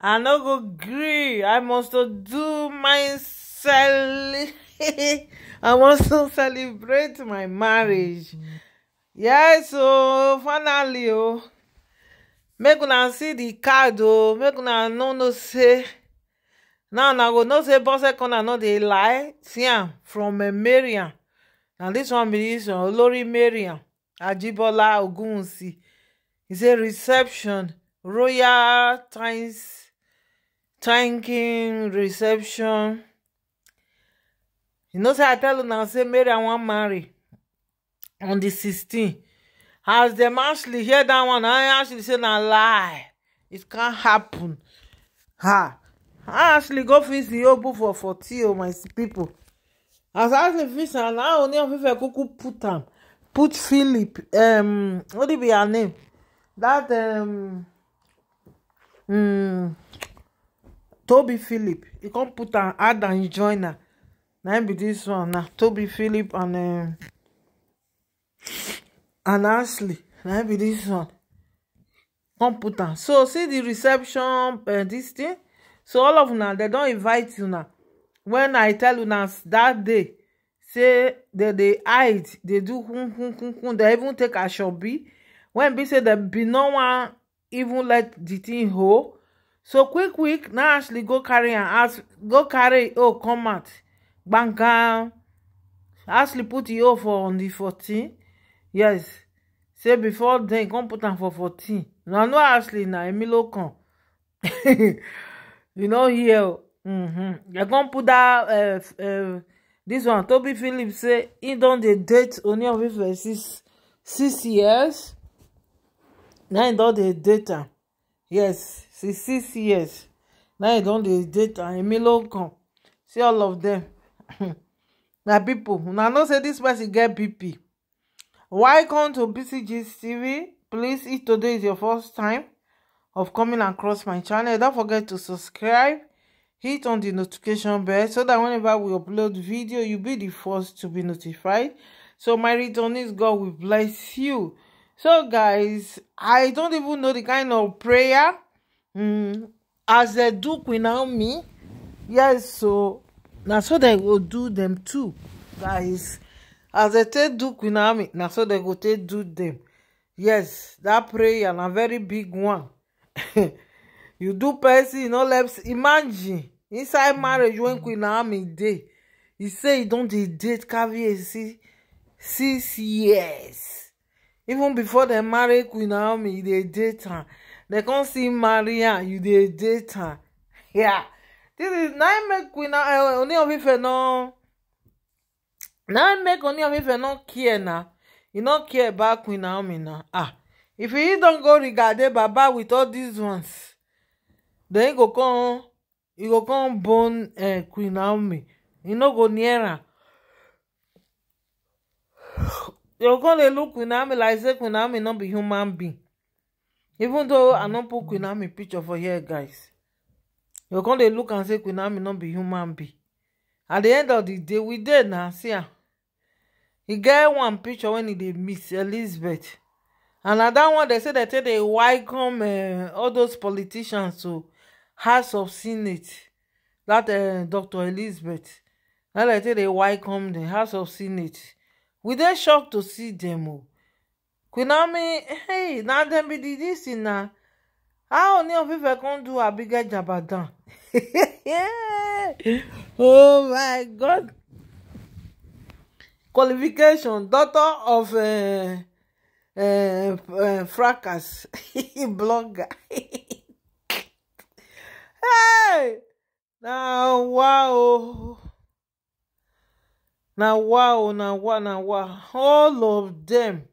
i no go gree i must do my cele i must celebrate my marriage mm-hmm. yes so finally ooo make una see the card Oh, make una no know say now una go know say boss I corner no dey lie see am from mariam Now this one is dis one olori ajibola Ogunsi. It's a reception royal times thanking reception you know say i tell una say mary i wan marry on the sixteen. as dem actually hear that one i actually say na lie it can happen ha i actually go fix the open for forty o oh, my people. as i actually fix am na only of ife kuku put am put philip um what be her name that um mm, toby philip you come put an add and join am na be this one na toby philip and um, and ashley na be this one come put am so see the reception uh, dis thing so all of now they don't invite you now. When i tell you now that day say that they hide they do kun They even take ashobi wen be say dem be no one even let the thing hold so quick quick na ashley go carry am out go carry e oh, hoe come out gbangam ashley put e hoe for on di 14 yes say before den come put am for 14 na no ashley na emilio come you no hear o dem come put dat dis eh, eh, one toby phillips say he don dey date oni of six six years na him don dey date am yes six six years now e don dey date and emilio come see all of them. na people, una know say this person get bp welcome to bcg tv please if today is your first time of coming across my channel don't forget to subscribe hit on the notification bell so that whenever we upload video you be the first to be notified so my return is god will bless you so guys i don't even know the kind of prayer um as they do queen naomi yes so na so they go do them too guys as they take do queen naomi na so they go take do them. yes that prayer na very big one you do person you no let imagine inside marriage when queen naomi dey e say e don dey date caviarcy six years even before dem marry queen naomi e dey date her. dem come see maria you dey date her yeah this is na im make queen eh, oni of ife no na make oni of ife no care na e no care about queen naomi na ah if you don go rigade baba with all these ones then e go come you go come bone eh, queen naomi e no go near am you go come dey look queen naomi like say queen naomi no be human being even though i no put queen army picture for here guys you're going to look and say queen army not be human being at the end of the day we did now, see am e get one picture when he did miss elizabeth and na dat one they said they take dey welcome eh, all those politicians to house of senate dat eh, dr elizabeth Now they take dey welcome the house of senate we then shocked to see them. o oh. Kunami, hey na dem be di dis thing na how oni of ife come do abige jabadan oh my god qualification daughter of uh, uh, uh, fracas blogger hey now wow now wow now wow now wow all of them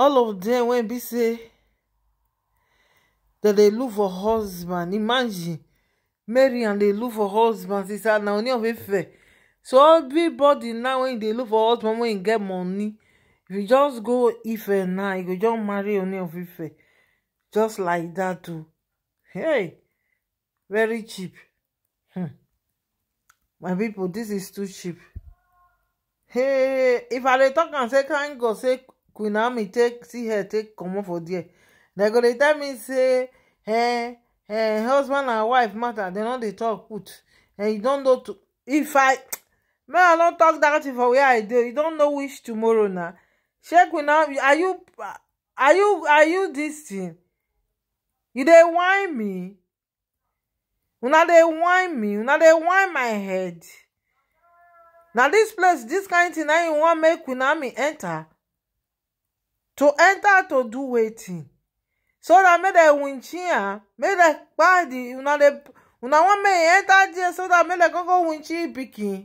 all of them wey be say dem dey look for husband imagine marian dey look for husband sister na only of ife so everybody now wey dey look for husband wey get money if you just go ife now you go just marry only of ife just like dat too. hey very cheap hmm my pipo dis is too cheap hey if i dey tok am say kind god say queen naomi take see her take comot for there dem go dey tell me say eh eh husband and wife matter dem no dey talk put and you don know to if i may, i no talk that thing for where i dey you don know which tomorrow na shey queen naomi are you are you are you this thing you dey whine me una dey whine me una dey whine my head na this place dis kain tin na im wan make queen naomi enter. to enter to do wetin so that make dem winchi am make dem kpai di una dey una wan me e enter there so that make dem go go winchi pikin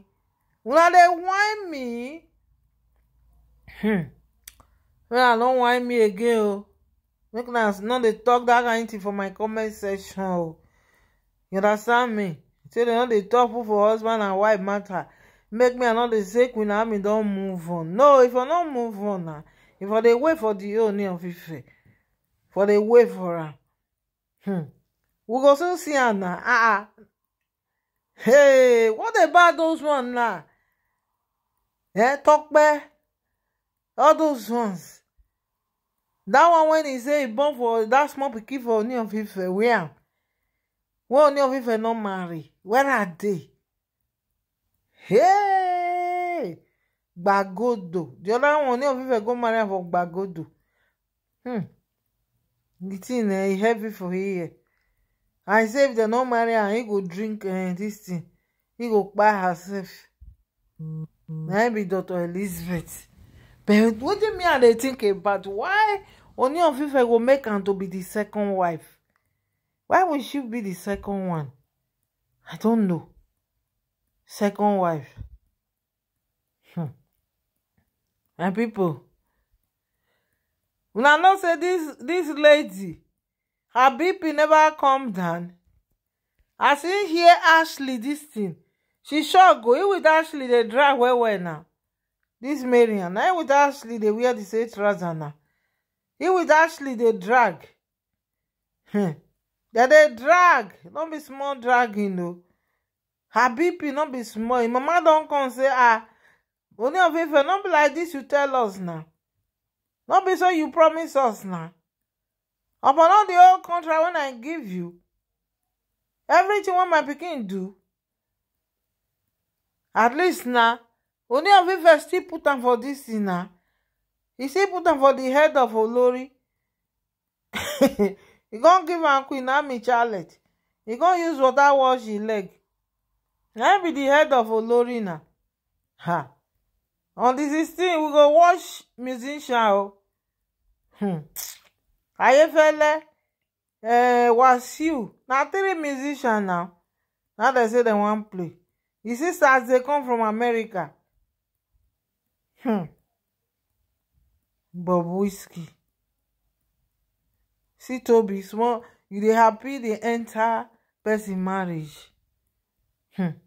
una dey whine me hmm well i no whine me again não oh. make una no dey talk dat kain thing for my comment section oh. you understand me say dem no dey talk put for husband and wife matter make me i no dey que queen ami don move on no if i no move on na. e for dey wait for di Ooni of Ife for dey wait for her, hmm we go soon see her now. ah ah hey what about those one na eh back. all those ones That one when he say e born for that small pikin for Ooni of Ife where am wey Ooni of Ife no marry where are they? hey gbagodo the other one oneyofuife go marry am for gbagodo hmm the thing eh e heavy for here I say if dem no marry am e go drink eh dis thing He go kpai herself na im be dr elizabeth but wetin me i dey think about why oneyofuife go make am to be the second wife why would she be the second one i don't know second wife my people, una know say this this lady her bp never come down as im hear ashley this thing she sure go im with ashley dey drag well well now This marian na im with ashley dey wear di same trouser now im with ashley dey drag dem hmm. dey drag no be small dragging o her bp no be small im mama don come say ah Only of Ife, Not be like this. you tell us now. Not be so you promise us now. Upon all the old contract when I give you, everything wey my pikin do, at least now, only of Ife still put am for this now. He still put am for the head of Olori. He gonna give am Queen Naomi Charlotte. He gonna use water wash his leg. I be the head of Olori now. Ha on di sixteen we go watch musician hmm. ayefele uh, wasiu na three musician now Now they say they wan play you see stars they come from america hmm. bob whiskey see Toby, small you dey happy They enter person marriage hmm.